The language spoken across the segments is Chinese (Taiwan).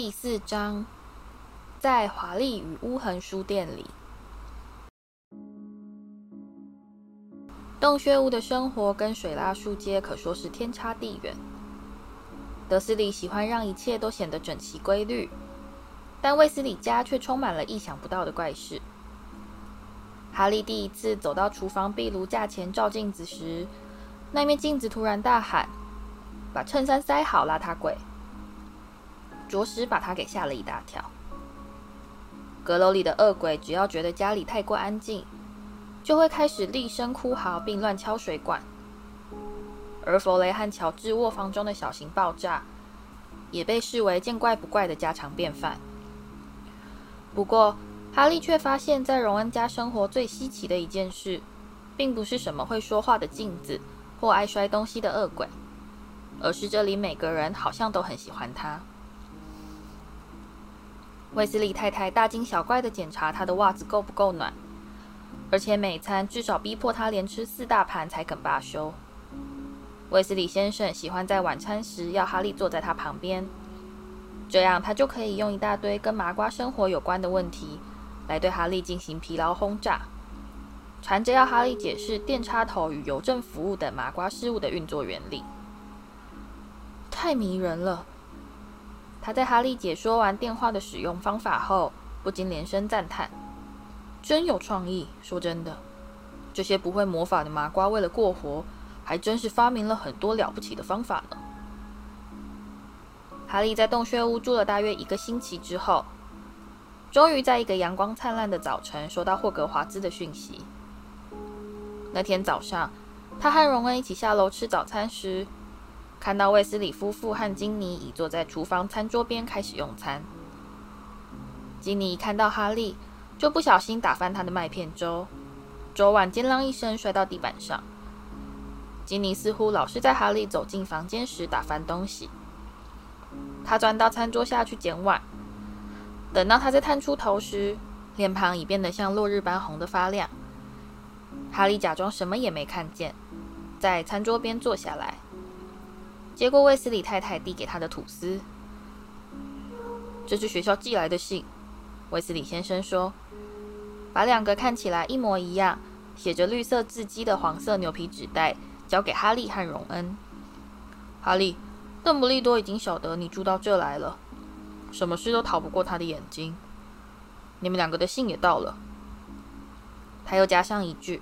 第四章，在華麗與污痕書店裡，洞穴屋的生活跟水拉樹街可說是天差地遠。德斯里喜歡讓一切都顯得整齊規律，但衛斯理家卻充滿了意想不到的怪事。哈利第一次走到廚房壁爐架前照鏡子時，那面鏡子突然大喊：“把襯衫塞好，邋遢鬼！”着實把他給嚇了一大跳。閣樓裡的惡鬼只要覺得家裡太過安靜，就會開始厲聲哭嚎並亂敲水管；而弗雷和喬治臥房中的小型爆炸，也被視為見怪不怪的家常便飯。不過，哈利卻發現，在榮恩家生活最稀奇的一件事，並不是什麼會說話的鏡子或愛摔東西的惡鬼，而是這裡每個人好像都很喜歡他。威斯利太太大驚小怪地檢查他的襪子夠不夠暖，而且每餐至少逼迫他連吃四大盤才肯罷休。威斯利先生喜歡在晚餐時要哈利坐在他旁邊，這樣他就可以用一大堆跟麻瓜生活有關的問題來對哈利進行疲勞轟炸，纏著要哈利解釋電插頭與郵政服務等麻瓜事物的運作原理。太迷人了。他在哈利解說完電話的使用方法後，不禁連聲讚歎：“真有創意！”說真的，這些不會魔法的麻瓜為了過活，還真是發明了很多了不起的方法呢。哈利在洞穴屋住了大約一個星期之後，終於在一個陽光燦爛的早晨收到霍格華茲的訊息。那天早上，他和榮恩一起下樓吃早餐時。看到衛斯理夫婦和金妮已坐在廚房餐桌邊開始用餐，金妮一看到哈利就不小心打翻他的麥片粥，粥碗尖啷一聲摔到地板上。金妮似乎老是在哈利走進房間時打翻東西，她鑽到餐桌下去撿碗，等到她再探出頭時，臉龐已變得像落日般紅得發亮。哈利假裝什麼也沒看見，在餐桌邊坐下來。接過衛斯理太太遞給他的吐司，這是學校寄來的信。衛斯理先生說：“把兩個看起來一模一樣、寫着綠色字跡的黃色牛皮紙袋交給哈利和榮恩。哈利，鄧布利多已經曉得你住到這來了，什麼事都逃不過他的眼睛。你們兩個的信也到了。”他又加上一句：“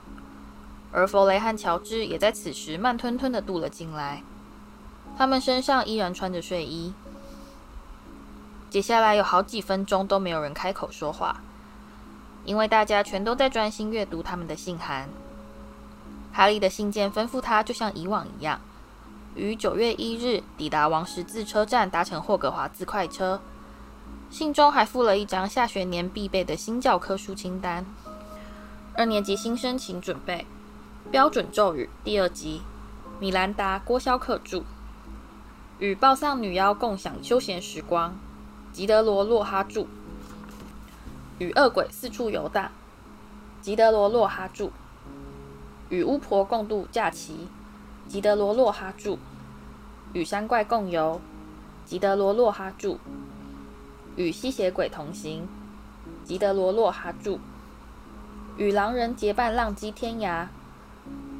而弗雷和喬治也在此時慢吞吞地踱了進來。”他們身上依然穿着睡衣。接下來有好幾分鐘都沒有人開口說話，因為大家全都在專心閱讀他們的信函。哈利的信件吩咐他就像以往一樣，於九月一日抵達王十字車站，搭乘霍格華茲快車。信中還附了一張下學年必備的新教科書清單，二年級新生請準備《標準咒語》第二集，米蘭達·郭肖克著。與報喪女妖共享休閒時光，吉德羅洛哈著。與惡鬼四處遊蕩，吉德羅洛哈著。與巫婆共度假期，吉德羅洛哈著。與山怪共遊，吉德羅洛哈著。與吸血鬼同行，吉德羅洛哈著。與狼人結伴浪跡天涯，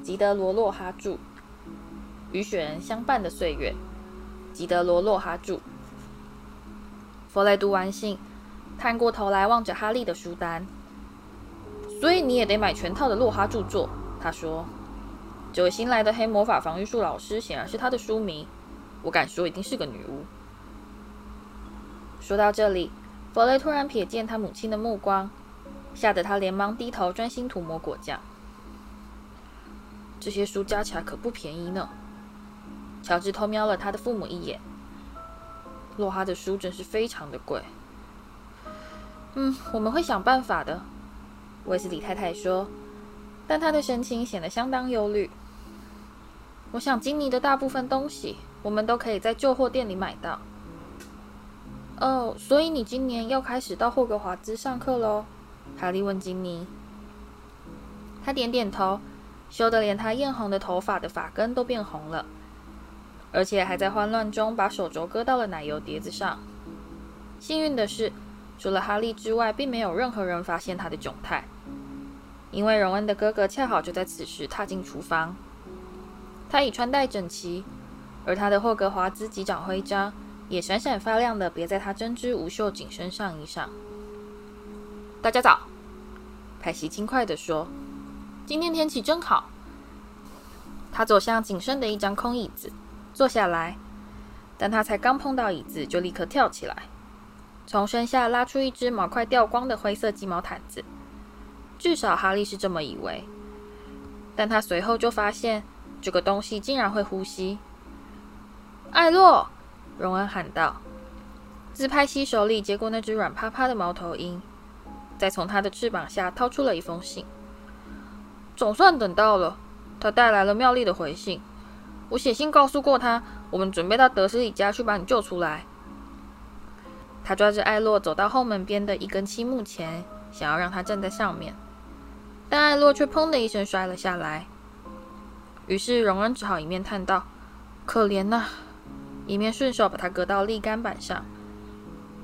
吉德羅洛哈著。與雪人相伴的歲月。吉德羅·洛哈著。弗雷讀完信，探過頭來望着哈利的書單，所以你也得買全套的洛哈著作。他說：“這位新來的黑魔法防禦術老師顯然是他的書迷，我敢說一定是個女巫。”說到這裡，弗雷突然瞥見他母親的目光，嚇得他連忙低頭專心塗抹果醬。這些書加起來可不便宜呢。喬治偷瞄了他的父母一眼。洛哈的書真是非常的貴。嗯，我們會想辦法的，衛斯理太太說，但他的神情顯得相當憂慮。我想，金妮的大部分東西我們都可以在舊貨店裡買到。哦，所以你今年要開始到霍格華茲上課嘍？哈利問金妮。他點點頭，羞得連他豔紅的頭髮的髮根都變紅了。而且還在慌亂中把手肘擱到了奶油碟子上。幸運的是，除了哈利之外，並沒有任何人發現他的窘態，因為榮恩的哥哥恰好就在此時踏進廚房。他已穿戴整齊，而他的霍格華茲級長徽章也閃閃發亮的別在他針織無袖緊身上衣上。大家早，派西輕快地說：“今天天氣真好。”他走向僅剩的一張空椅子坐下來，但他才剛碰到椅子，就立刻跳起來，從身下拉出一隻毛快掉光的灰色雞毛毯子。至少哈利是這麼以為，但他隨後就發現這個東西竟然會呼吸。艾洛，榮恩喊道，自派西手裡接過那只軟趴趴的貓頭鷹，再從它的翅膀下掏出了一封信。總算等到了，他帶來了妙麗的回信。我寫信告訴過他，我們準備到德斯里家去把你救出來。他抓着艾洛走到後門邊的一根棲木前，想要讓他站在上面，但艾洛卻砰的一聲摔了下來。於是榮恩只好一面嘆道：“可憐吶、啊！”一面順手把他擱到瀝乾板上。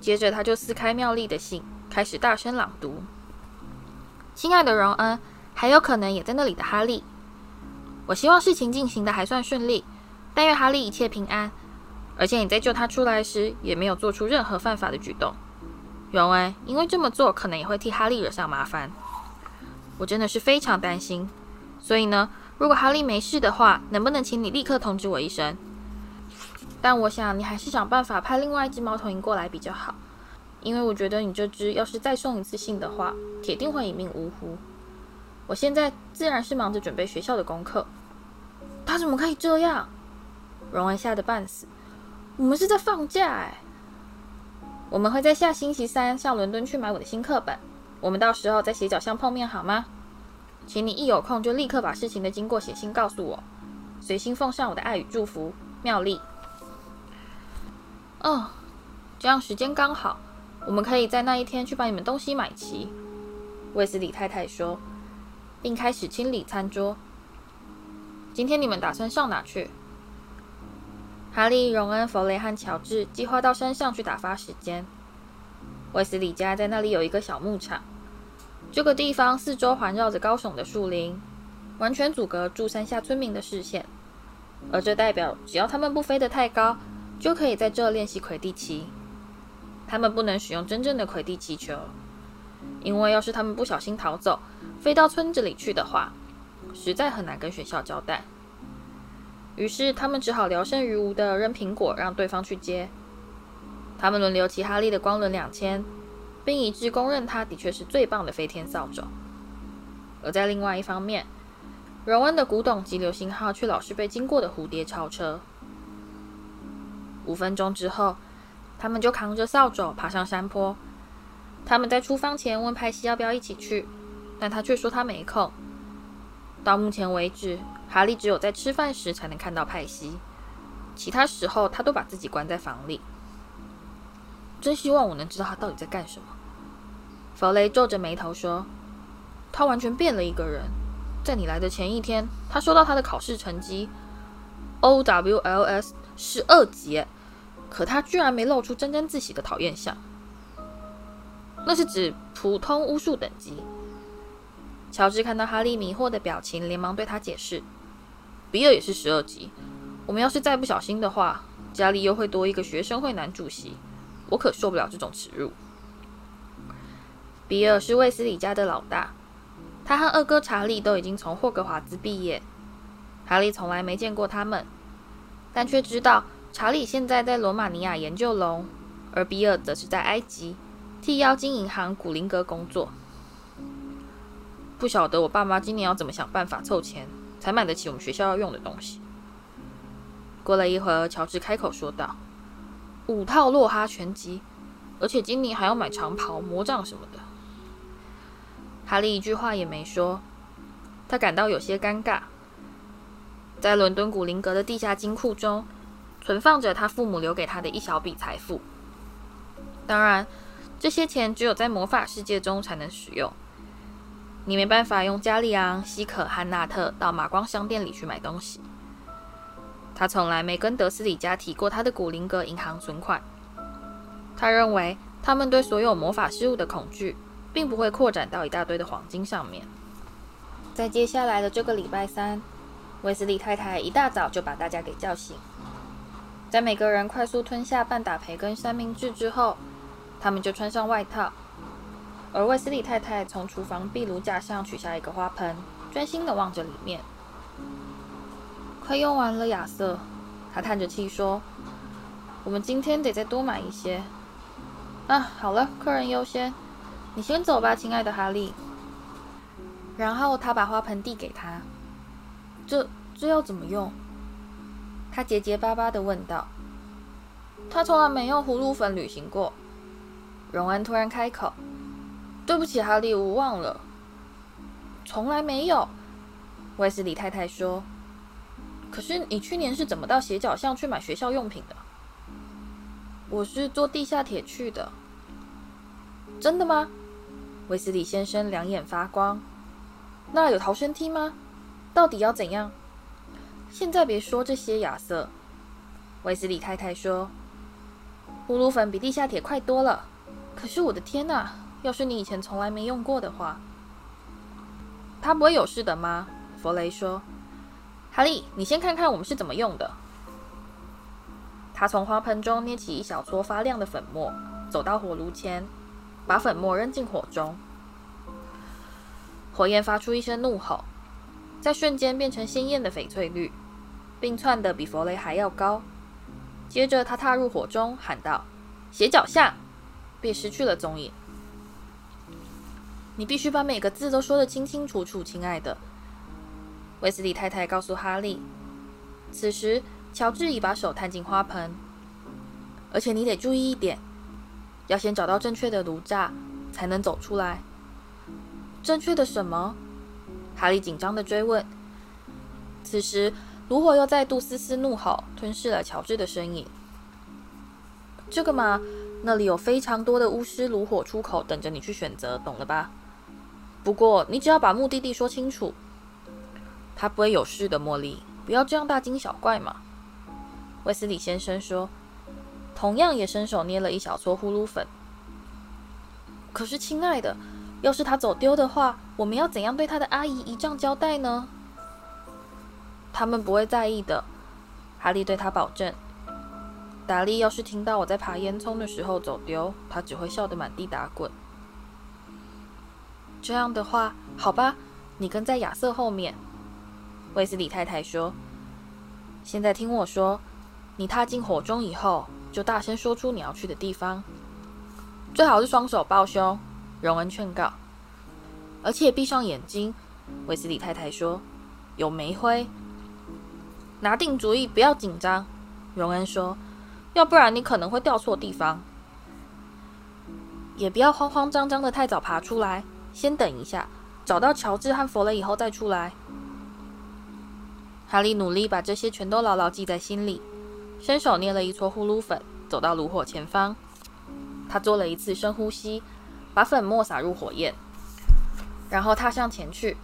接着他就撕開妙麗的信，開始大聲朗讀：“親愛的榮恩，還有可能也在那裡的哈利。”我希望事情進行的還算順利，但願哈利一切平安。而且你在救他出來時也沒有做出任何犯法的舉動，原來因為這麼做可能也會替哈利惹上麻煩。我真的是非常擔心，所以呢，如果哈利沒事的話，能不能請你立刻通知我一聲？但我想你還是想辦法派另外一隻貓頭鷹過來比較好，因為我覺得你這隻要是再送一次信的話，鐵定會一命嗚呼。我現在自然是忙着準備學校的功課。他怎麼可以這樣？榮恩嚇得半死。我們是在放假哎、欸。我們會在下星期三上倫敦去買我的新課本。我們到時候在斜角巷碰面好嗎？請你一有空就立刻把事情的經過寫信告訴我，隨信奉上我的愛與祝福。妙麗。哦，這樣時間剛好，我們可以在那一天去把你們東西買齊。衛斯理太太說。並開始清理餐桌。今天你們打算上哪去？哈利、榮恩、弗雷和喬治計劃到山上去打發時間。威斯里家在那裡有一個小牧場。這個地方四周環繞着高聳的樹林，完全阻隔住山下村民的視線。而這代表，只要他們不飛得太高，就可以在這練習魁地奇。他們不能使用真正的魁地奇球，因為要是他們不小心逃走，飛到村子裡去的話，實在很難跟學校交代。於是他們只好聊勝於無地扔蘋果，讓對方去接。他們輪流騎哈利的光輪兩千，並一致公認他的確是最棒的飛天掃帚。而在另外一方面，榮恩的古董級流星號卻老是被經過的蝴蝶超車。五分鐘之後，他們就扛着掃帚爬，爬上山坡。他們在出發前問派西要不要一起去。但他卻說他沒空。到目前為止，哈利只有在吃飯時才能看到派西，其他時候他都把自己關在房裡。真希望我能知道他到底在幹什麼。弗雷皺着眉頭說：“他完全變了一個人。在你來的前一天，他收到他的考試成績，O.W.L.s 是二級，可他居然沒露出沾沾自喜的討厭相。那是指普通巫術等級。”喬治看到哈利迷惑的表情，連忙對他解釋：“比爾也是十二級，我們要是再不小心的話，家裡又會多一個學生會男主席，我可受不了這種恥辱。”比爾是衛斯理家的老大，他和二哥查理都已經從霍格華茲畢業。哈利從來沒見過他們，但却知道查理現在在羅馬尼亞研究龍，而比爾則是在埃及替妖精銀行古靈閣工作。不曉得我爸媽今年要怎麼想辦法湊錢，才買得起我們學校要用的東西。過了一會兒，喬治開口說道：“五套洛哈全集，而且今年還要買長袍、魔杖什麼的。”哈利一句話也沒說，他感到有些尷尬。在倫敦古靈閣的地下金庫中，存放着他父母留給他的一小筆財富。當然，這些錢只有在魔法世界中才能使用。你沒辦法用加利昂、西可和納特到麻瓜商店裡去買東西。他從來沒跟德斯里家提過他的古靈閣銀行存款。他認為他們對所有魔法事物的恐懼，並不會擴展到一大堆的黃金上面。在接下來的這個禮拜三，威斯利太太一大早就把大家給叫醒。在每個人快速吞下半打培根三明治之後，他們就穿上外套。而衛斯理太太從廚房壁爐架上取下一個花盆，專心地望着裡面。快用完了，亞瑟，她嘆着氣說：“我們今天得再多買一些。”啊，好了，客人優先，你先走吧，親愛的哈利。然後她把花盆遞給他。這這要怎麼用？他結結巴巴地問道。他從來沒用葫蘆粉旅行過。榮恩突然開口。對不起，哈利，我忘了。從來沒有，衛斯理太太說。可是你去年是怎麼到斜角巷去買學校用品的？我是坐地下鐵去的。真的嗎？衛斯理先生兩眼發光。那有逃生梯嗎？到底要怎樣？現在別說這些，亞瑟。衛斯理太太說，呼嚕粉比地下鐵快多了。可是我的天哪、啊！要是你以前從來沒用過的話，他不會有事的嗎？弗雷說：“哈利，你先看看我們是怎麼用的。”他從花盆中捏起一小撮發亮的粉末，走到火爐前，把粉末扔進火中。火焰發出一聲怒吼，在瞬間變成鮮豔的翡翠綠，並竄得比弗雷還要高。接着，他踏入火中，喊道：“斜角巷！”便失去了蹤影。你必須把每個字都說得清清楚楚，親愛的。衛斯理太太告訴哈利。此時，喬治已把手探進花盆。而且你得注意一點，要先找到正確的爐柵才能走出來。正確的什麼？哈利緊張地追問。此時，爐火又再度嘶嘶怒吼，吞噬了喬治的身影。這個嘛，那裡有非常多的巫師爐火出口等着你去選擇，懂了吧？不過，你只要把目的地說清楚，他不會有事的，茉莉。不要這樣大驚小怪嘛。”衛斯理先生說，同樣也伸手捏了一小撮呼嚕粉。“可是，親愛的，要是他走丟的話，我們要怎樣對他的阿姨姨丈交代呢？”他們不會在意的，哈利對他保證。達力要是聽到我在爬煙囪的時候走丟，他只會笑得滿地打滾。這樣的話，好吧，你跟在亞瑟後面。”衛斯理太太說，“現在聽我說，你踏進火中以後，就大聲說出你要去的地方。最好是雙手抱胸。”榮恩勸告，“而且閉上眼睛。”衛斯理太太說，“有煤灰。”拿定主意，不要緊張。”榮恩說，“要不然你可能會掉錯地方。也不要慌慌張張的太早爬出來。”先等一下，找到喬治和佛雷以後再出來。哈利努力把這些全都牢牢記在心裡，伸手捏了一撮呼嚕粉，走到爐火前方。他做了一次深呼吸，把粉末撒入火焰，然後踏向前去。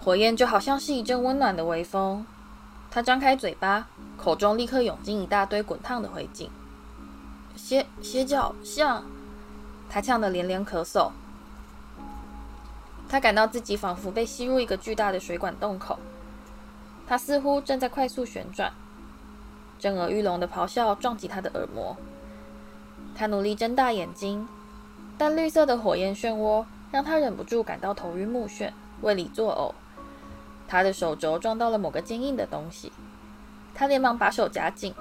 火焰就好像是一陣溫暖的微風。他張開嘴巴，口中立刻湧進一大堆滾燙的灰燼。斜、斜角巷，他嗆得連連咳嗽。他感到自己仿佛被吸入一個巨大的水管洞口，他似乎正在快速旋轉，震耳欲聾的咆哮撞擊他的耳膜。他努力睜大眼睛，但綠色的火焰漩渦讓他忍不住感到頭暈目眩、胃裡作嘔。他的手肘撞到了某個堅硬的東西，他連忙把手夾緊，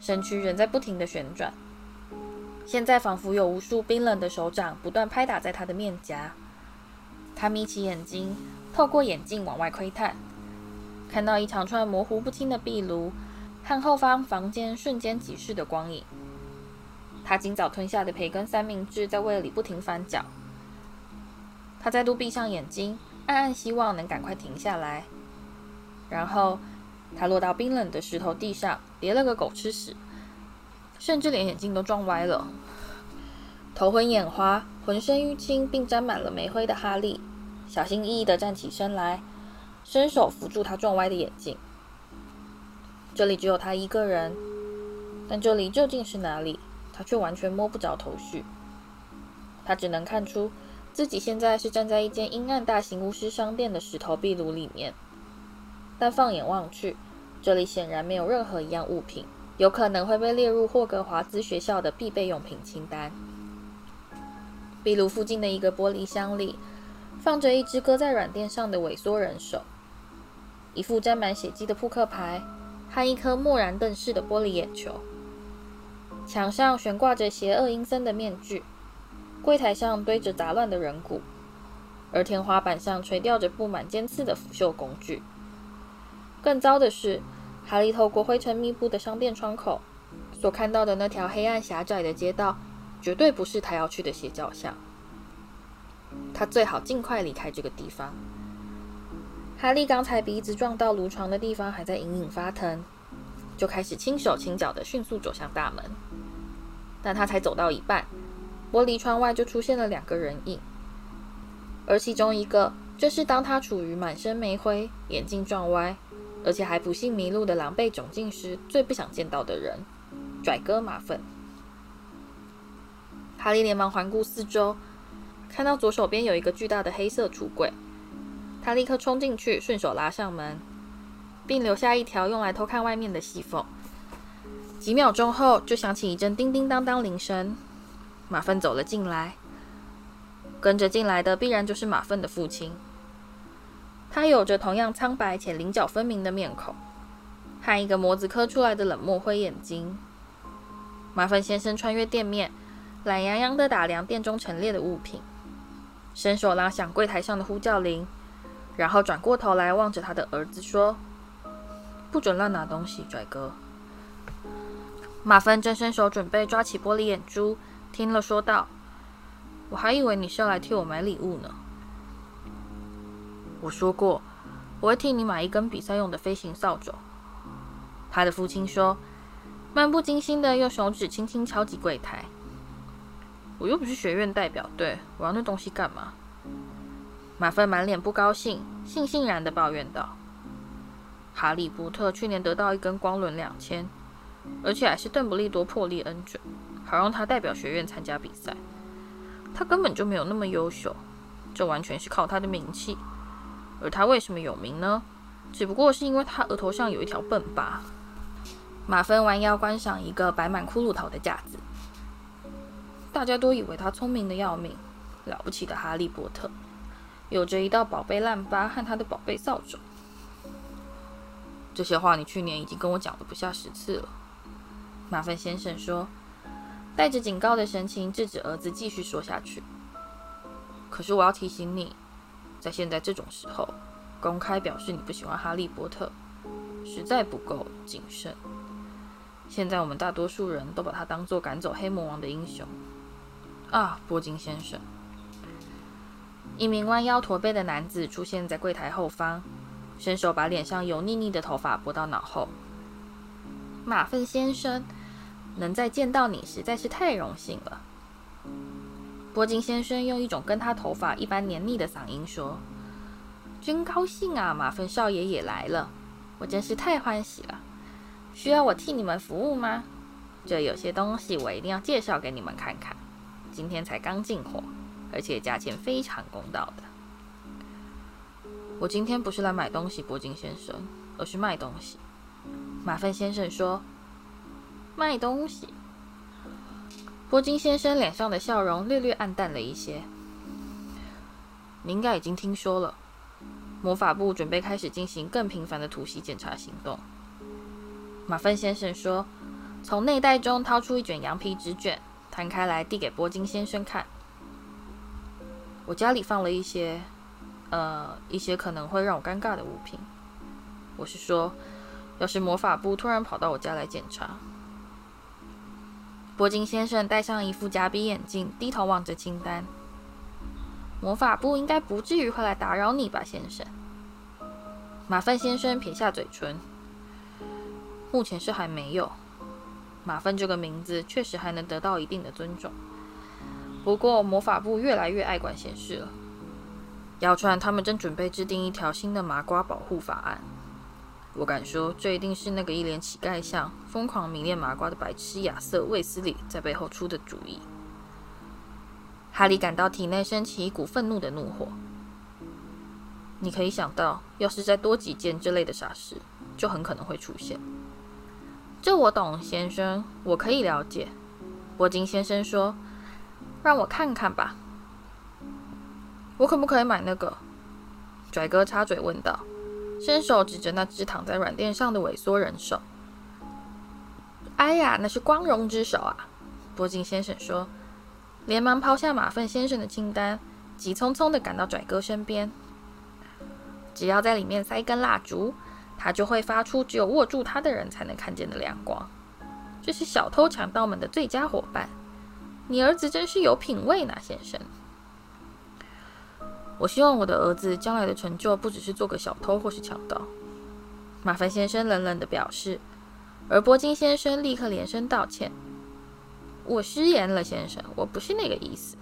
身軀仍在不停地旋轉。現在仿佛有無數冰冷的手掌不斷拍打在他的面頰。他眯起眼睛，透過眼鏡往外窺探，看到一長串模糊不清的壁爐和後方房間瞬間即逝的光影。他今早吞下的培根三明治在胃裡不停翻攪。他再度閉上眼睛，暗暗希望能趕快停下來。然後，他落到冰冷的石頭地上，跌了個狗吃屎，甚至連眼鏡都撞歪了。頭昏眼花、渾身淤青並沾滿了煤灰的哈利。小心翼翼地站起身來，伸手扶住他撞歪的眼鏡。這裡只有他一個人，但這裡究竟是哪裡？他卻完全摸不着頭緒。他只能看出自己現在是站在一間陰暗大型巫師商店的石頭壁爐裡面，但放眼望去，這裡顯然沒有任何一樣物品有可能會被列入霍格華茲學校的必備用品清單。壁爐附近的一個玻璃箱裡，放着一隻擱在軟墊上的萎縮人手，一副沾滿血跡的撲克牌，和一顆漠然瞪視的玻璃眼球。牆上懸掛着邪惡陰森的面具，櫃檯上堆着雜亂的人骨，而天花板上垂吊着布滿尖刺的腐朽工具。更糟的是，哈利透過灰塵密布的商店窗口，所看到的那條黑暗狹窄的街道，絕對不是他要去的斜角巷。他最好儘快離開這個地方。哈利剛才鼻子撞到爐床的地方還在隱隱發疼，就開始輕手輕腳的迅速走向大門。但他才走到一半，玻璃窗外就出現了兩個人影，而其中一個正是當他處於滿身煤灰、眼鏡撞歪，而且還不幸迷路的狼狽窘境時最不想見到的人——跩哥馬份。哈利連忙環顧四周。看到左手邊有一個巨大的黑色櫥櫃，他立刻衝進去，順手拉上門，並留下一條用來偷看外面的細縫。幾秒鐘後，就響起一陣叮叮當當鈴鈴聲。馬份走了進來，跟着進來的必然就是馬份的父親。他有着同樣蒼白且稜角分明的面孔，和一個模子刻出來的冷漠灰眼睛。馬份先生穿越店面，懶洋洋地打量店中陳列的物品。伸手拉響櫃檯上的呼叫鈴，然後轉過頭來望着他的兒子說：“不准亂拿東西，跩哥。”馬份正伸手準備抓起玻璃眼珠，聽了說道：“我還以為你是要來替我買禮物呢。我說過我會替你買一根比賽用的飛行掃帚。”他的父親說，漫不經心地用手指輕輕敲擊櫃檯。我又不是學院代表隊，對我要那東西幹嘛？馬芬滿臉不高興，悻悻然地抱怨道：“哈利波特去年得到一根光輪兩千，而且還是鄧布利多破例恩準，好讓他代表學院參加比賽。他根本就沒有那麼優秀，這完全是靠他的名氣。而他為什麼有名呢？只不過是因為他額頭上有一條笨疤。”馬芬彎腰觀賞一個擺滿骷髏頭的架子。大家都以為他聰明的要命，了不起的哈利波特，有着一道寶貝爛疤和他的寶貝掃帚。這些話你去年已經跟我講了不下十次了。馬份先生說，帶着警告的神情制止兒子繼續說下去。可是我要提醒你，在現在這種時候，公開表示你不喜歡哈利波特，實在不夠謹慎。現在我們大多數人都把他當作趕走黑魔王的英雄。啊，波金先生！一名彎腰駝背的男子出現在櫃檯後方，伸手把臉上油膩膩的頭髮撥到腦後。馬份先生，能再見到你實在是太榮幸了。波金先生用一種跟他頭髮一般黏膩的嗓音說：“真高興啊，馬份少爺也來了，我真是太歡喜了。需要我替你們服務嗎？這有些東西我一定要介紹給你們看看。”今天才剛進貨，而且價錢非常公道的。我今天不是來買東西，波金先生，而是賣東西。馬份先生說：“賣東西。”波金先生臉上的笑容略略暗淡了一些。你應該已經聽說了，魔法部準備開始進行更頻繁的突襲檢查行動。馬份先生說：“從內袋中掏出一卷羊皮紙卷。”攤開來遞給波金先生看。我家裡放了一些，呃，一些可能會讓我尷尬的物品。我是說，要是魔法部突然跑到我家來檢查，波金先生戴上一副夾鼻眼鏡，低頭望着清單。魔法部應該不至於會來打擾你吧，先生？馬份先生撇下嘴唇。目前是還沒有。馬份這個名字確實還能得到一定的尊重，不過魔法部越來越愛管閒事了。謠傳他們正準備制定一條新的麻瓜保護法案，我敢說，這一定是那個一臉乞丐相、瘋狂迷戀麻瓜的白痴亞瑟·衛斯理在背後出的主意。哈利感到體內升起一股憤怒的怒火。你可以想到，要是再多幾件這類的傻事，就很可能會出現。這我懂，先生，我可以了解。伯金先生說：“讓我看看吧，我可不可以買那個？”拽哥插嘴問道，伸手指着那只躺在軟墊上的萎縮人手。“哎呀，那是光榮之手啊！”伯金先生說，連忙拋下馬份先生的清單，急匆匆地趕到拽哥身邊。“只要在裡面塞一根蠟燭。”他就會發出只有握住他的人才能看見的亮光，這是小偷強盜們的最佳夥伴。你兒子真是有品位呢，先生。我希望我的兒子將來的成就不只是做個小偷或是強盜。馬份先生冷冷地表示，而波金先生立刻連聲道歉：“我失言了，先生，我不是那個意思。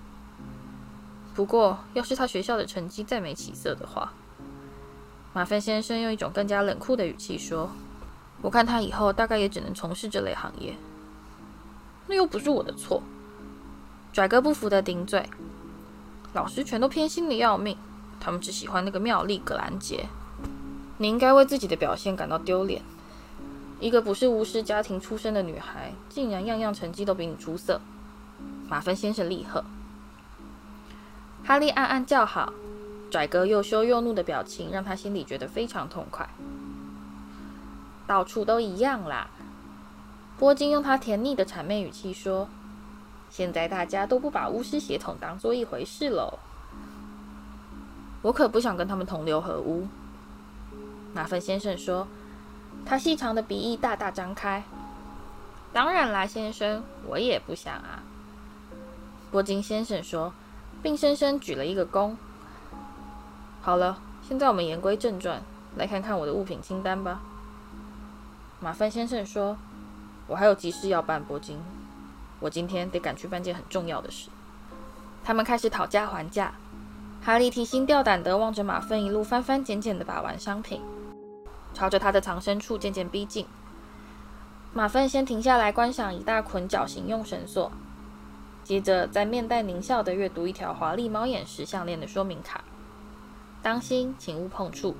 不過要是他學校的成績再沒起色的話……”馬份先生用一種更加冷酷的語氣說：“我看他以後大概也只能從事這類行業。”那又不是我的錯。”跩哥不服的頂嘴：“老師全都偏心的要命，他們只喜歡那個妙麗·格蘭傑。”你應該為自己的表現感到丟臉。一個不是巫師家庭出身的女孩，竟然樣樣成績都比你出色。”馬份先生厲喝。哈利暗暗叫好。拽哥又羞又怒的表情，讓他心裡覺得非常痛快。到處都一樣啦，波金用他甜膩的諂媚語氣說：“現在大家都不把巫師血統當做一回事嘍。”“我可不想跟他們同流合污。”馬芬先生說，他細長的鼻翼大大張開。“當然啦，先生，我也不想啊。”波金先生說，並深深舉了一個躬。好了，現在我們言歸正傳，來看看我的物品清單吧。馬份先生說：“我還有急事要辦，波金，我今天得趕去辦件很重要的事。”他們開始討價還價。哈利提心吊膽的望着馬份，一路翻翻撿撿地把玩商品，朝着他的藏身處漸漸逼近。馬份先停下來觀賞一大捆絞刑用繩索，接着再面帶獰笑的閱讀一條華麗貓眼石項鏈的說明卡。當心，請勿碰觸，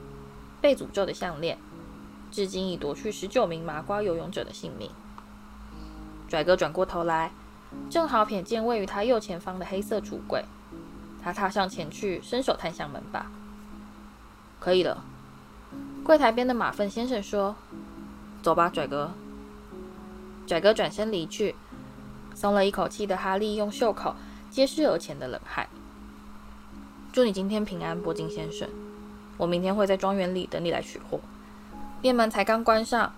被詛咒的項鏈，至今已奪去十九名麻瓜擁有者的性命。拽哥轉過頭來，正好瞥見位於他右前方的黑色櫥櫃，他踏上前去，伸手探向門把。可以了。櫃檯邊的馬份先生說：“走吧，拽哥。”拽哥轉身離去。鬆了一口氣的哈利用袖口揭視額前的冷汗。祝你今天平安，波金先生。我明天會在莊園裡等你來取貨。店門才剛關上，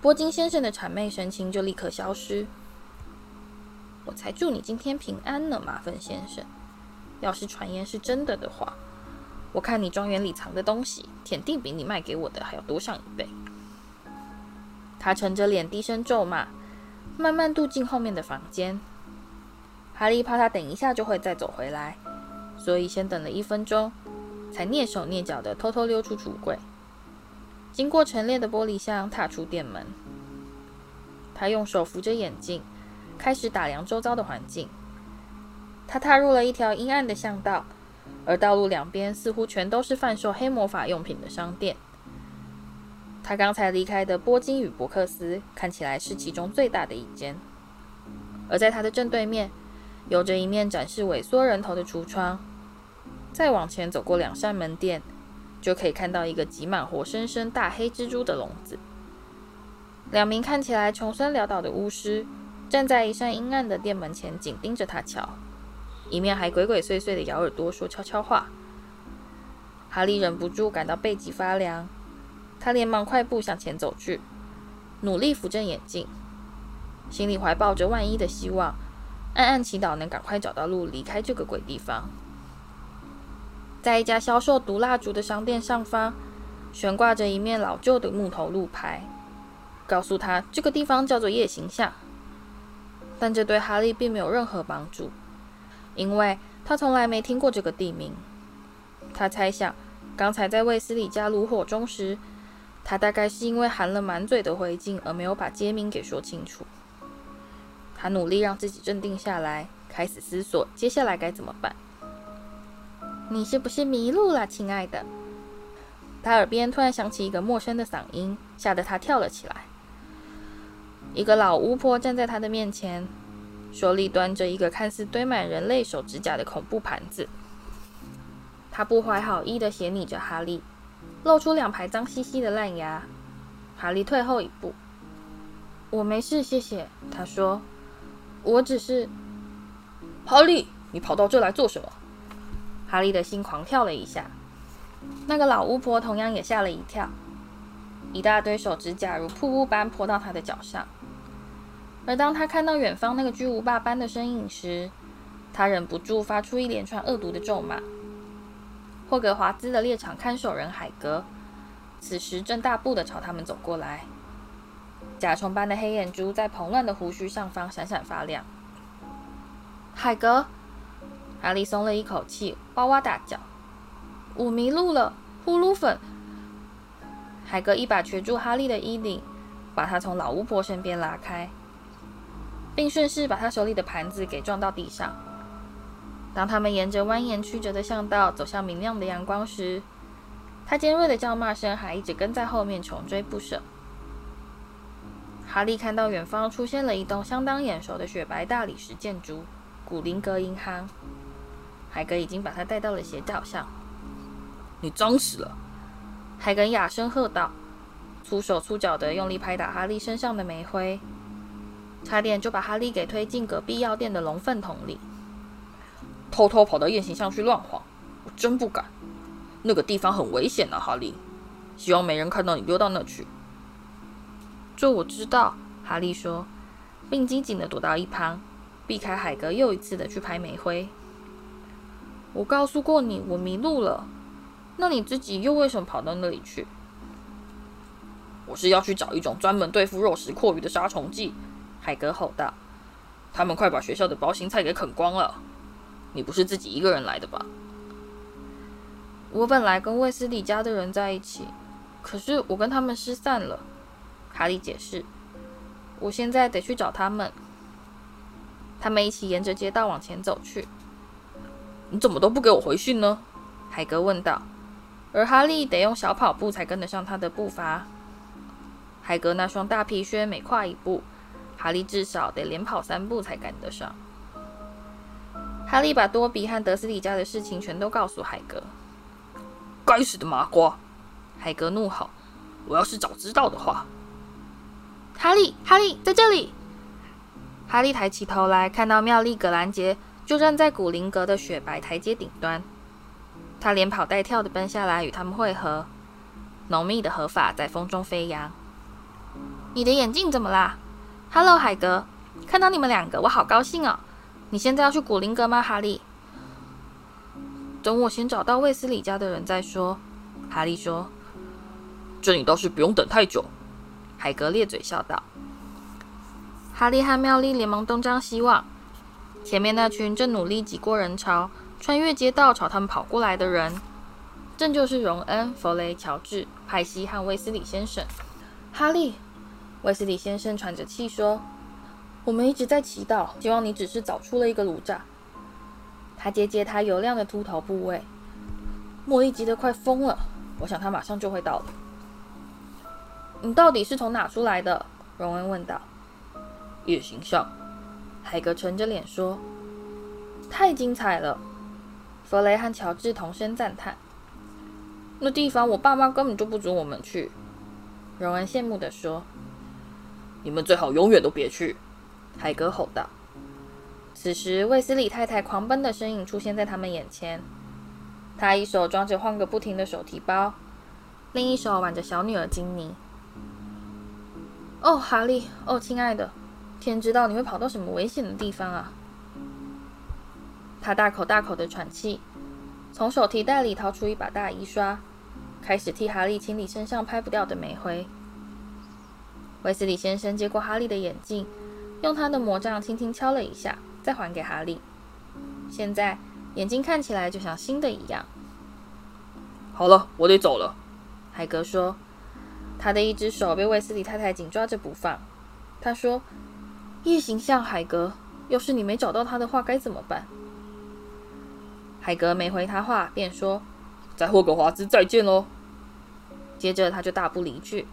波金先生的諂媚神情就立刻消失。我才祝你今天平安呢，馬份先生。要是傳言是真的的話，我看你莊園裡藏的東西，肯定比你賣給我的還要多上一倍。他沉着臉低聲咒罵，慢慢踱進後面的房間。哈利怕他等一下就會再走回來。所以先等了一分鐘，才躡手躡腳地偷偷溜出櫥櫃，經過陳列的玻璃箱，踏出店門。他用手扶着眼鏡，開始打量周遭的環境。他踏入了一條陰暗的巷道，而道路兩邊似乎全都是販售黑魔法用品的商店。他剛才離開的波金與伯克斯看起來是其中最大的一間，而在他的正對面，有着一面展示萎縮人頭的櫥窗。再往前走過兩扇門店，就可以看到一個擠滿活生生大黑蜘蛛的籠子。兩名看起來窮酸潦倒的巫師站在一扇陰暗的店門前，緊盯着他瞧，一面還鬼鬼祟祟的咬耳朵說悄悄話。哈利忍不住感到背脊發涼，他連忙快步向前走去，努力扶正眼鏡，心裡懷抱着萬一的希望，暗暗祈禱能趕快找到路離開這個鬼地方。在一家銷售毒蠟燭的商店上方，懸掛着一面老舊的木頭路牌，告訴他這個地方叫做夜行巷。但這對哈利並沒有任何幫助，因為他從來沒聽過這個地名。他猜想，剛才在衛斯理家爐火中時，他大概是因為含了滿嘴的灰燼而沒有把街名給說清楚。他努力讓自己鎮定下來，開始思索接下來該怎麼辦。你是不是迷路了，親愛的？他耳邊突然響起一個陌生的嗓音，嚇得他跳了起來。一個老巫婆站在他的面前，手裡端着一個看似堆滿人類手指甲的恐怖盤子。他不懷好意的斜睨着哈利，露出兩排髒兮兮的爛牙。哈利退後一步：“我沒事，謝謝。”他說：“我只是……”“哈利，你跑到這來做什麼？”哈利的心狂跳了一下，那個老巫婆同樣也嚇了一跳，一大堆手指甲如瀑布般潑到他的腳上。而當他看到遠方那個巨無霸般的身影時，他忍不住發出一連串惡毒的咒罵。霍格華茲的獵場看守人海格，此時正大步的朝他們走過來，甲蟲般的黑眼珠在蓬亂的鬍鬚上方閃閃發亮。海格。哈利鬆了一口氣，哇哇大叫：“我迷路了！”“呼嚕粉！”海格一把攫住哈利的衣領，把他從老巫婆身邊拉開，並順勢把他手裡的盤子給撞到地上。當他們沿着蜿蜒曲折的巷道走向明亮的陽光時，他尖銳的叫罵聲還一直跟在後面，窮追不捨。哈利看到遠方出現了一棟相當眼熟的雪白大理石建築——古靈閣銀行。海格已經把他帶到了斜角巷。你髒死了！海格啞聲喝道，粗手粗腳的用力拍打哈利身上的煤灰，灰，差點就把哈利給推進隔壁藥店的龍糞桶裡。偷偷跑到驗刑巷去亂晃，我真不敢。那個地方很危險啊，哈利。希望沒人看到你溜到那去。這我知道，哈利說，並緊緊的躲到一旁，避開海格又一次的去拍煤灰，灰。我告訴過你，我迷路了。那你自己又為什麼跑到那裡去？我是要去找一種專門對付肉食蛞蝓的殺蟲劑。海格吼道：“他們快把學校的包心菜給啃光了！”你不是自己一個人來的吧？我本來跟衛斯理家的人在一起，可是我跟他們失散了。哈利解釋：“我現在得去找他們。”他們一起沿着街道往前走去。你怎麼都不給我回信呢？海格問道。而哈利得用小跑步才跟得上他的步伐。海格那雙大皮靴每跨一步，哈利至少得連跑三步才趕得上。哈利把多比和德斯里家的事情全都告訴海格。該死的麻瓜！海格怒吼。我要是早知道的話……哈利，哈利，在這裡！哈利抬起頭來，看到妙麗·葛蘭傑。就站在古靈閣的雪白台階頂端，他連跑帶跳的奔下來，與他們會合。濃密的黑髮在風中飛揚。你的眼鏡怎麼啦？哈嘍，Hello, 海格，看到你們兩個，我好高興哦。你現在要去古靈閣嗎，哈利？等我先找到衛斯理家的人再說。哈利說：“這你倒是不用等太久。”海格咧嘴笑道。哈利和妙麗連忙東張西望。前面那群正努力擠過人潮、穿越街道朝他們跑過來的人，正就是榮恩、弗雷、喬治、派西和威斯裡先生。哈利，威斯裡先生喘着氣說：“我們一直在祈禱，希望你只是找出了一個爐渣。”他接接他油亮的禿頭部位。莫莉急得快瘋了，我想他馬上就會到了。你到底是從哪出來的？榮恩問道。夜行巷。海格沉着臉說：“太精彩了！”弗雷和喬治同聲讚嘆。“那地方我爸媽根本就不准我們去。”榮恩羨慕地說：“你們最好永遠都別去！”海格吼道。此時，衛斯理太太狂奔的身影出現在他們眼前，她一手裝着晃個不停的手提包，另一手挽着小女兒金妮。“哦，哈利！哦，親愛的！”天知道你會跑到什麼危險的地方啊！他大口大口的喘氣，從手提袋裡掏出一把大衣刷，開始替哈利清理身上拍不掉的煤灰。威斯理先生接過哈利的眼鏡，用他的魔杖輕輕敲了一下，再還給哈利。現在眼睛看起來就像新的一樣。好了，我得走了。”海格說，他的一只手被威斯理太太緊抓着不放。他說，夜行象海格，要是你沒找到他的話，該怎麼辦？海格沒回他話，便說：“在霍格華茲再見嘍。”接着他就大步離去，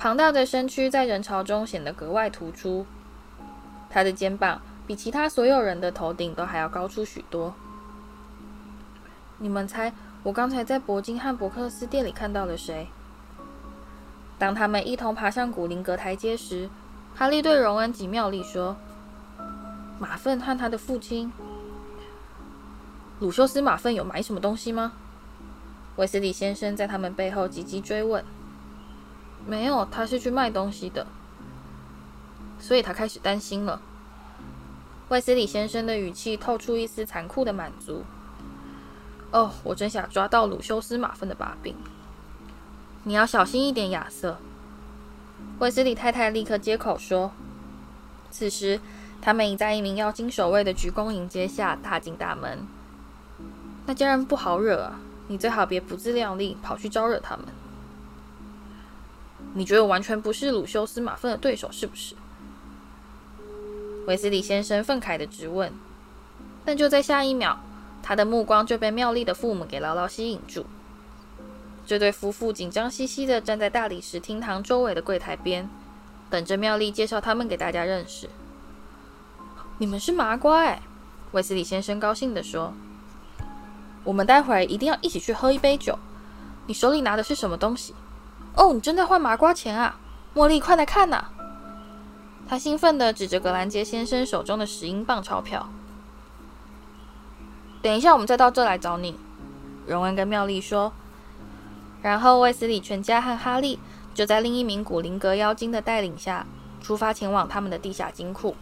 龐大的身軀在人潮中顯得格外突出。他的肩膀比其他所有人的頭頂都還要高出許多。你們猜，我剛才在鉑金漢伯克斯店裡看到了誰？當他們一同爬上古靈閣台階時。哈利對榮恩及妙麗說：“馬份和他的父親魯休斯·馬份有買什麼東西嗎？”衛斯理先生在他們背後急急追問：“沒有，他是去賣東西的。”所以，他開始擔心了。衛斯理先生的語氣透出一絲殘酷的滿足。“哦，我真想抓到魯休斯·馬份的把柄。”你要小心一點，亞瑟。韋斯里太太立刻接口說：“此時，他們已在一名妖精守衛的鞠躬迎接下踏進大門。那家人不好惹啊，你最好別不自量力跑去招惹他們。你覺得我完全不是魯修斯馬份的對手，是不是？”韋斯里先生憤慨地質問。但就在下一秒，他的目光就被妙麗的父母給牢牢吸引住。這對夫婦緊張兮兮的站在大理石廳堂周圍的櫃台邊，等着妙麗介紹他們給大家認識。你們是麻瓜耶！衛斯理先生高興地說：“我們待會兒一定要一起去喝一杯酒。”你手裡拿的是什麼東西？哦，你真的換麻瓜錢啊！茉莉，快來看吶！他興奮地指着格蘭傑先生手中的十英鎊鈔票。等一下，我們再到這來找你。”榮恩跟妙麗說。然後，衛斯理全家和哈利就在另一名古靈閣妖精的帶領下出發前往他們的地下金庫。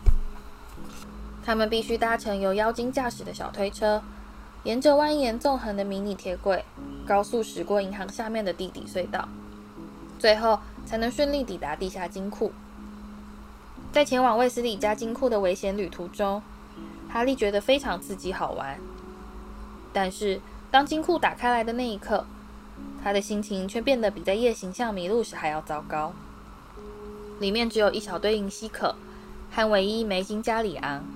他們必須搭乘由妖精駕駛的小推車，沿着蜿蜒縱橫的迷你鐵軌，高速駛過銀行下面的地底隧道，最後才能順利抵達地下金庫。在前往衛斯理家金庫的危險旅途中，哈利覺得非常刺激好玩。但是，當金庫打開來的那一刻，他的心情卻變得比在夜行巷迷路時還要糟糕。裡面只有一小堆銀西可和唯一一枚金加里昂。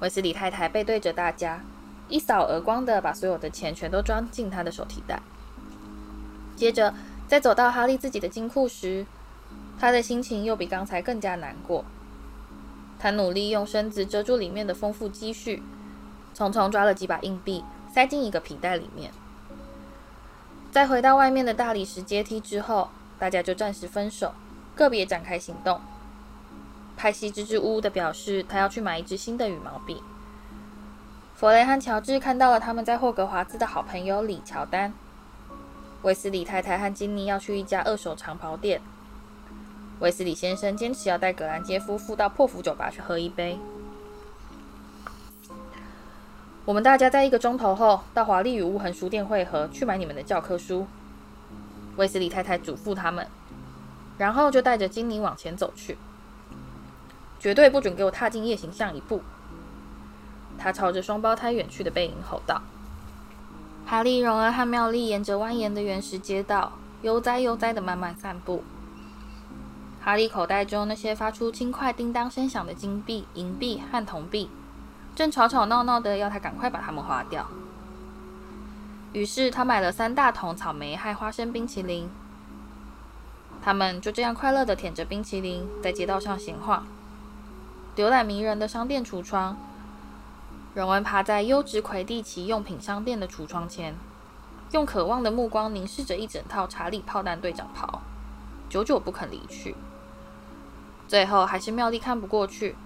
維斯里太太背對着大家，一掃而光地把所有的錢全都裝進他的手提袋。接着，在走到哈利自己的金庫時，他的心情又比剛才更加難過。他努力用身子遮住裡面的豐富積蓄，匆匆抓了幾把硬幣，塞進一個皮袋裡面。在回到外面的大理石階梯之後，大家就暫時分手，個別展開行動。派西支支吾吾地表示他要去買一支新的羽毛筆。弗雷和喬治看到了他們在霍格華茲的好朋友李喬丹。威斯利太太和金妮要去一家二手長袍店。威斯利先生堅持要帶葛蘭傑夫婦到破釜酒吧去喝一杯。我們大家在一個鐘頭後到華麗與污痕書店會合，去買你們的教科書。威斯利太太囑咐他們，然後就帶着金妮往前走去。絕對不准給我踏進夜行巷一步！他朝着雙胞胎遠去的背影吼道。哈利、榮恩和妙麗沿着蜿蜒的原石街道悠哉悠哉的慢慢散步。哈利口袋中那些發出輕快叮當聲響的金幣、銀幣和銅幣正吵吵鬧鬧的，要他趕快把它們花掉。於是他買了三大桶草莓和花生冰淇淋。他們就這樣快樂的舔着冰淇淋，在街道上閒晃，瀏覽迷人的商店櫥窗。榮恩趴在優質魁地奇用品商店的櫥窗前，用渴望的目光凝視着一整套查理炮彈隊長袍，久久不肯離去。最後還是妙麗看不過去。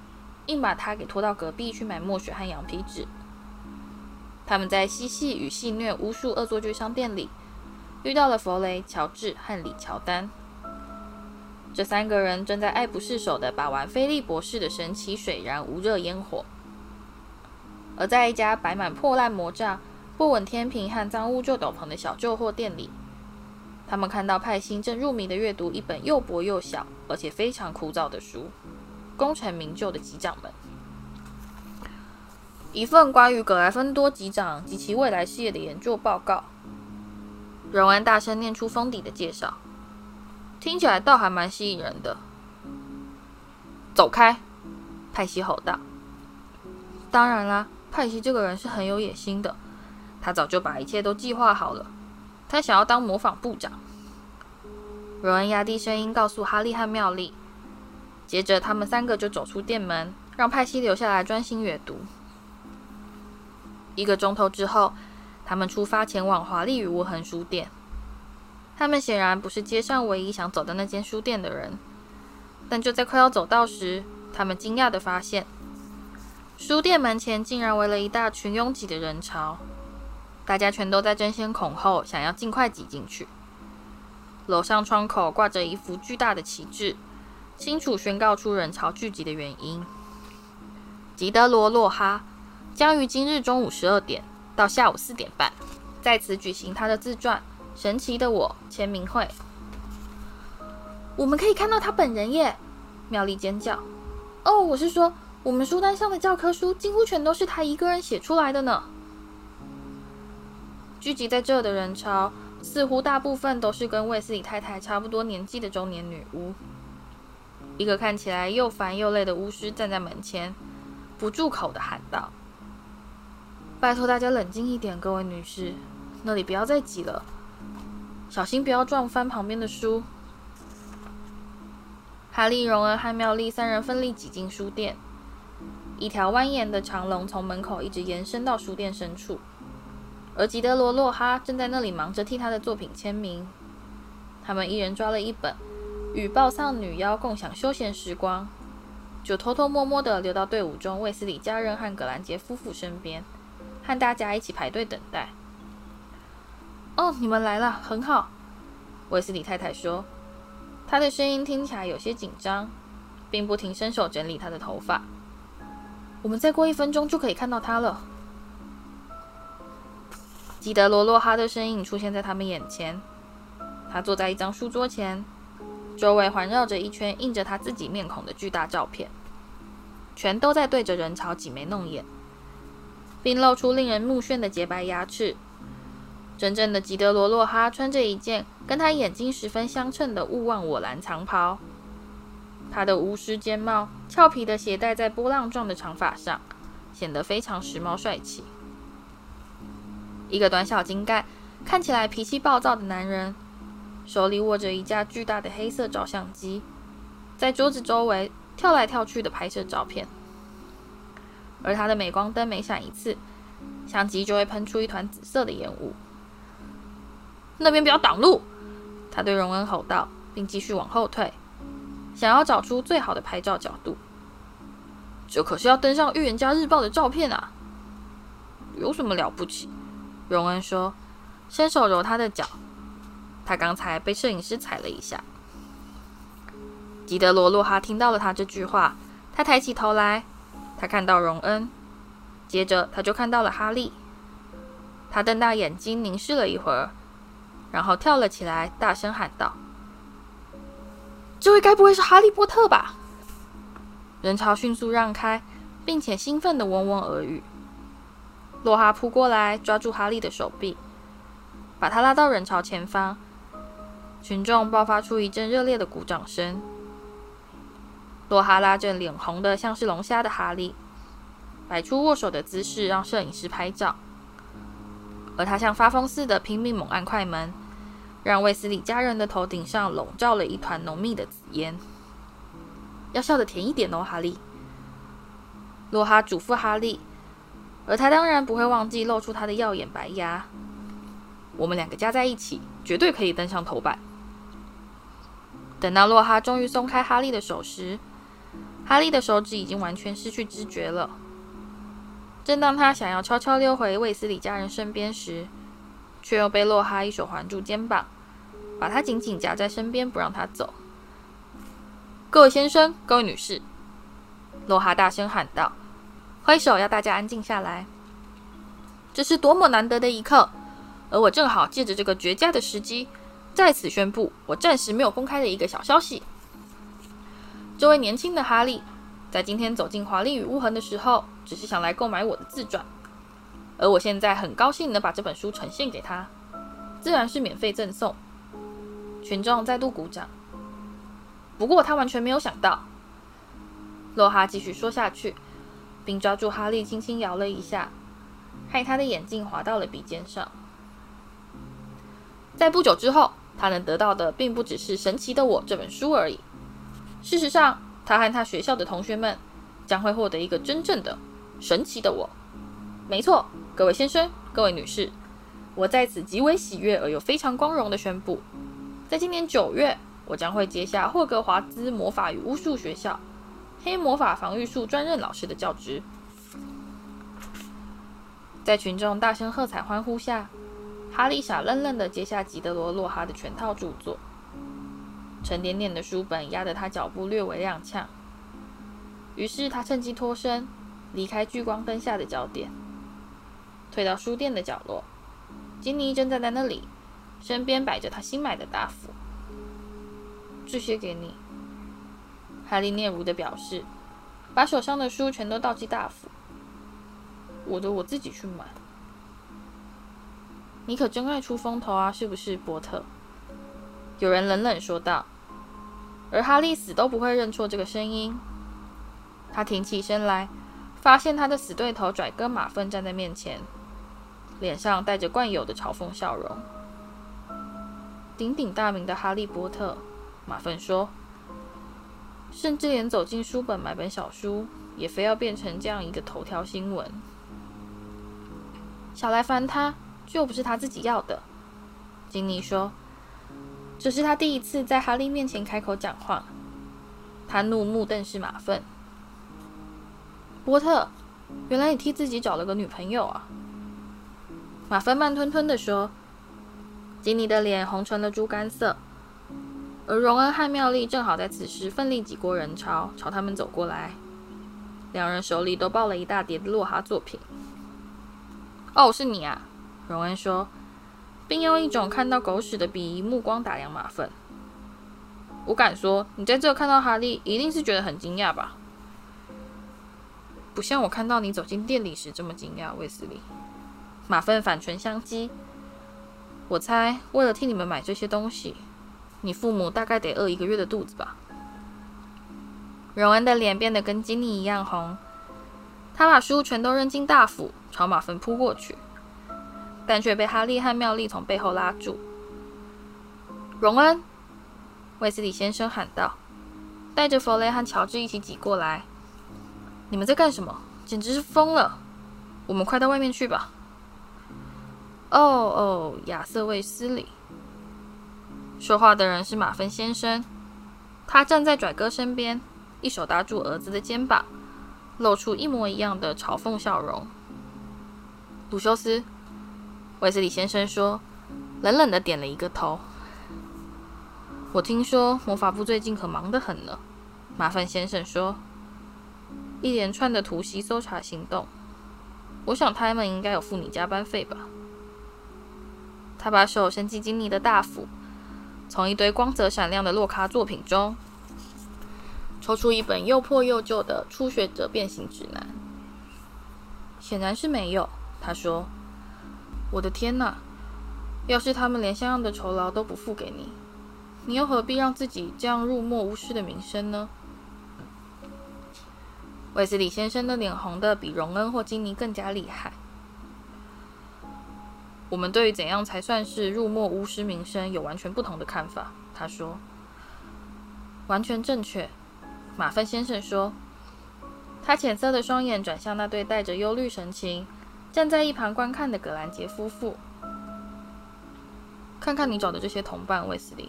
硬把他給拖到隔壁去買墨水和羊皮紙。他們在嬉戲與戲謔無數惡作劇商店裡，遇到了弗雷、喬治和李喬丹。這三個人正在愛不釋手地把玩菲利博士的神奇水燃無熱煙火。而在一家擺滿破爛魔杖、不穩天平和髒污舊斗篷的小舊貨店裡，他們看到派西正入迷地閱讀一本又薄又小而且非常枯燥的書。功成名就的級長們，一份關於葛萊芬多級長及其未來事業的研究報告。榮恩大聲念出封底的介紹，聽起來倒還蠻吸引人的。走開！派西吼道。當然啦，派西這個人是很有野心的，他早就把一切都計劃好了。他想要當魔法部長。榮恩壓低聲音告訴哈利和妙麗。接着，他們三個就走出店門，讓派西留下來專心閱讀。一個鐘頭之後，他們出發前往華麗與污痕書店。他們顯然不是街上唯一想走的那間書店的人，但就在快要走到時，他們驚訝地發現，書店門前竟然圍了一大群擁擠的人潮，大家全都在爭先恐後，想要盡快擠進去。樓上窗口掛着一幅巨大的旗幟。清楚宣告出人潮聚集的原因。吉德羅洛哈將於今日中午十二點到下午四點半在此舉行他的自傳《神奇的我》簽名會。我們可以看到他本人耶！妙麗尖叫。哦，我是說，我們書單上的教科書幾乎全都是他一個人寫出來的呢。聚集在這的人潮似乎大部分都是跟衛斯理太太差不多年紀的中年女巫。一個看起來又煩又累的巫師站在門前，不住口的喊道：“拜托大家冷靜一點，各位女士，那裡不要再擠了，小心不要撞翻旁邊的書。”哈利、榮恩和妙麗三人奮力擠進書店，一條蜿蜒的長龍從門口一直延伸到書店深處，而吉德羅·洛哈正在那裡忙着替他的作品簽名。他們一人抓了一本。與報喪女妖共享休閒時光》，就偷偷摸摸地溜到隊伍中，衛斯理家人和葛蘭傑夫婦身邊，和大家一起排隊等待。哦，你們來了，很好。衛斯理太太說，她的聲音聽起來有些緊張，並不停伸手整理她的頭髮。我們再過一分鐘就可以看到他了。基德羅洛哈的身影出現在他們眼前，他坐在一張書桌前。周圍環繞着一圈印着他自己面孔的巨大照片，全都在對着人潮擠眉弄眼，並露出令人目眩的潔白牙齒。真正的吉德羅洛哈穿着一件跟他眼睛十分相稱的勿忘我藍長袍，他的巫師尖帽俏皮的斜戴在波浪狀的長髮上，顯得非常時髦帥氣。一個短小精幹、看起來脾氣暴躁的男人。手裡握着一架巨大的黑色照相機，在桌子周圍跳來跳去地拍攝照片。而他的鎂光燈每閃一次，相機就會噴出一團紫色的煙霧。那邊不要擋路！他對榮恩吼道，並繼續往後退，想要找出最好的拍照角度。這可是要登上《預言家日報》的照片啊！有什麼了不起？榮恩說，伸手揉他的腳。他剛才被攝影師踩了一下。吉德羅·洛哈聽到了他這句話，他抬起頭來，他看到榮恩，接着他就看到了哈利。他瞪大眼睛凝視了一會兒，然後跳了起來，大聲喊道：“這位該不會是哈利波特吧？”人潮迅速讓開，並且興奮地嗡嗡而語。洛哈撲過來，抓住哈利的手臂，把他拉到人潮前方。群眾爆發出一陣熱烈的鼓掌聲。洛哈拉正臉紅得像是龍蝦的哈利，擺出握手的姿勢讓攝影師拍照，而他像發瘋似的拼命猛按快門，讓衛斯理家人的頭頂上籠罩了一團濃密的紫煙。要笑得甜一點哦，哈利。洛哈囑咐哈利，而他當然不會忘記露出他的耀眼白牙。我們兩個加在一起，絕對可以登上頭版。等到洛哈終於鬆開哈利的手時，哈利的手指已經完全失去知覺了。正當他想要悄悄溜回衛斯理家人身邊時，卻又被洛哈一手環住肩膀，把他緊緊夾在身邊，不讓他走。各位先生，各位女士，洛哈大聲喊道，揮手要大家安靜下來。這是多麼難得的一刻，而我正好借着這個絕佳的時機。在此宣布，我暫時沒有公開的一個小消息。這位年輕的哈利，在今天走進《華麗與污痕》的時候，只是想來購買我的自傳，而我現在很高興能把這本書呈現給他，自然是免費贈送。群眾再度鼓掌。不過他完全沒有想到，洛哈繼續說下去，並抓住哈利，輕輕搖了一下，害他的眼鏡滑到了鼻尖上。在不久之後。他能得到的並不只是《神奇的我》這本書而已。事實上，他和他學校的同學們將會獲得一個真正的神奇的我。沒錯，各位先生，各位女士，我在此極為喜悅而又非常光榮的宣布，在今年九月，我將會接下霍格華茲魔法與巫術學校黑魔法防禦術專任老師的教職。在群眾大聲喝彩、歡呼下。哈利傻愣愣的接下吉德羅洛哈的全套著作，沉甸甸的書本壓得他腳步略微踉蹌。於是他趁機脫身，離開聚光燈下的焦點，退到書店的角落。金妮正站在那裡，身邊擺着他新買的大釜。這些給你，哈利囁嚅的表示，把手上的書全都倒進大釜。我的，我自己去買。你可真愛出風頭啊，是不是，波特？有人冷冷說道。而哈利死都不會認錯這個聲音。他挺起身來，發現他的死對頭拽哥馬份站在面前，臉上帶着慣有的嘲諷笑容。鼎鼎大名的哈利波特，馬份說。甚至連走進書本買本小書，也非要變成這樣一個頭條新聞。少來煩他。就不是他自己要的，金妮說：“這是他第一次在哈利面前開口講話。”他怒目瞪視馬份。波特，原來你替自己找了個女朋友啊！馬份慢吞吞地說。金妮的臉紅成了豬肝色，而榮恩和妙麗正好在此時奮力擠過人潮，朝他們走過來。兩人手裡都抱了一大疊的洛哈作品。哦，是你啊！榮恩說，並用一種看到狗屎的鄙夷目光打量馬份。我敢說，你在這看到哈利，一定是覺得很驚訝吧？不像我看到你走進店裡時這麼驚訝，衛斯理。馬份反唇相譏：“我猜，為了替你們買這些東西，你父母大概得餓一個月的肚子吧？”榮恩的臉變得跟金妮一樣紅，他把書全都扔進大釜，朝馬份撲過去。但卻被哈利和妙麗從背後拉住。榮恩，衛斯理先生喊道，帶着弗雷和喬治一起擠過來。你們在幹什麼？簡直是瘋了！我們快到外面去吧。哦哦，亞瑟·衛斯理。說話的人是馬份先生，他站在跩哥身邊，一手搭住兒子的肩膀，露出一模一樣的嘲諷笑容。魯休思。衛斯理先生說：“冷冷地點了一個頭。”我聽說魔法部最近可忙得很呢，馬份先生說：“一連串的突襲搜查行動，我想他們應該有付你加班費吧？”他把手伸進金妮的大釜，從一堆光澤閃亮的洛卡作品中抽出一本又破又舊的《初學者變形指南》。顯然是沒有，他說。我的天哪！要是他們連像樣的酬勞都不付給你，你又何必讓自己這樣辱沒巫師的名聲呢？衛斯理先生的臉紅得比榮恩或金妮更加厲害。我們對於怎樣才算是辱沒巫師名聲有完全不同的看法，他說。完全正確，馬份先生說。他淺色的雙眼轉向那對帶着憂慮神情。站在一旁觀看的葛蘭傑夫婦，看看你找的這些同伴，衛斯理。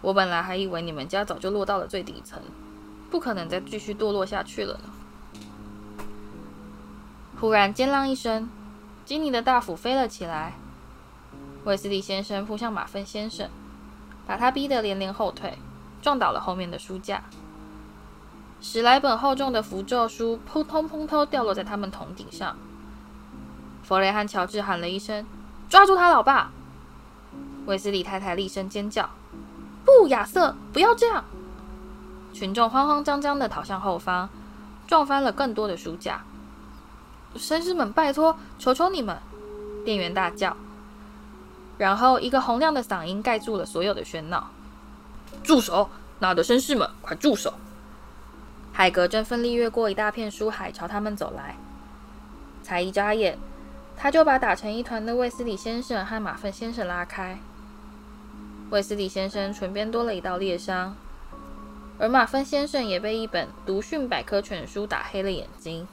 我本來還以為你們家早就落到了最底層，不可能再繼續墮落下去了呢。忽然尖浪一聲，金妮的大釜飛了起來，衛斯理先生撲向馬份先生，把他逼得連連後退，撞倒了後面的書架，十來本厚重的符咒書撲通撲通掉落在他們頭頂上。弗雷和喬治喊了一聲：“抓住他，老爸！”威斯理太太厲聲尖叫：“不，亞瑟，不要這樣！”群眾慌慌張張地逃向後方，撞翻了更多的書架。紳士們，拜托，求求你們！店員大叫。然後，一個洪亮的嗓音蓋住了所有的喧鬧：“住手！那的紳士們，快住手！”海格正奮力越過一大片書海，朝他們走來。才一眨眼。他就把打成一團的衛斯理先生和馬份先生拉開。衛斯理先生唇邊多了一道裂傷，而馬份先生也被一本《讀訓百科全書》打黑了眼睛。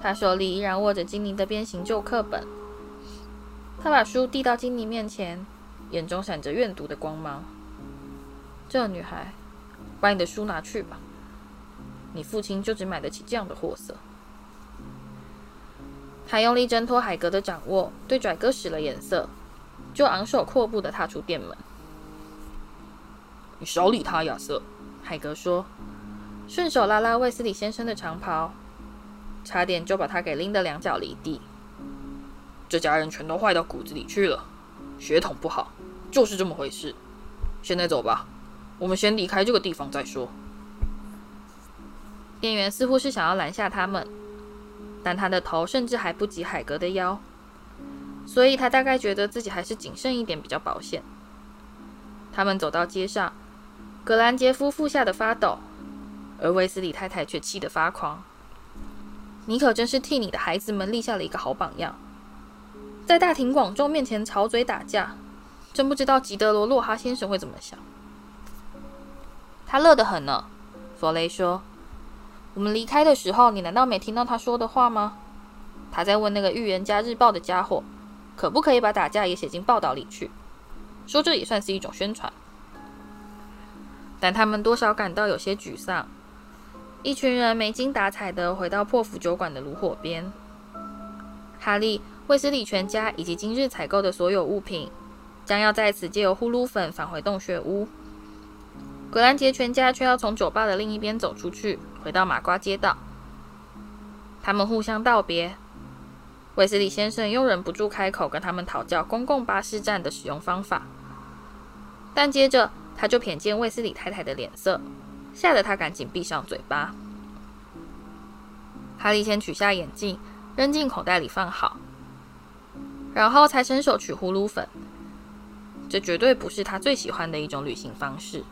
他手裡依然握着金妮的變形舊課本。他把書遞到金妮面前，眼中閃着怨毒的光芒。這女孩，把你的書拿去吧。你父親就只買得起這樣的貨色。還用力掙脫海格的掌握，對拽哥使了眼色，就昂首闊步的踏出店門。你少理他，亞瑟！海格說，順手拉拉衛斯理先生的長袍，差點就把他給拎得兩腳離地。這家人全都壞到骨子裡去了，血統不好，就是這麼回事。現在走吧，我們先離開這個地方再說。店員似乎是想要攔下他們。但他的頭甚至還不及海格的腰，所以他大概覺得自己還是謹慎一點比較保險。他們走到街上，格蘭傑夫婦嚇得發抖，而威斯里太太卻氣得發狂。你可真是替你的孩子們立下了一個好榜樣，在大庭廣眾面前吵嘴打架，真不知道吉德羅·洛哈先生會怎麼想。他樂得很呢，弗雷說。我們離開的時候，你難道沒聽到他說的話嗎？他在問那個《預言家日報》的家伙，可不可以把打架也寫進報道裡去，說這也算是一種宣傳。但他們多少感到有些沮喪。一群人沒精打采的回到破釜酒館的爐火邊。哈利、惠斯利全家以及今日採購的所有物品，將要在此借由呼嚕粉返回洞穴屋。格蘭杰全家卻要從酒吧的另一邊走出去。回到麻瓜街道，他們互相道別。衛斯理先生又忍不住開口跟他們討教公共巴士站的使用方法，但接着他就瞥見衛斯理太太的臉色，嚇得他趕緊閉上嘴巴。哈利先取下眼鏡，扔進口袋裡放好，然後才伸手取呼嚕粉。這絕對不是他最喜歡的一種旅行方式。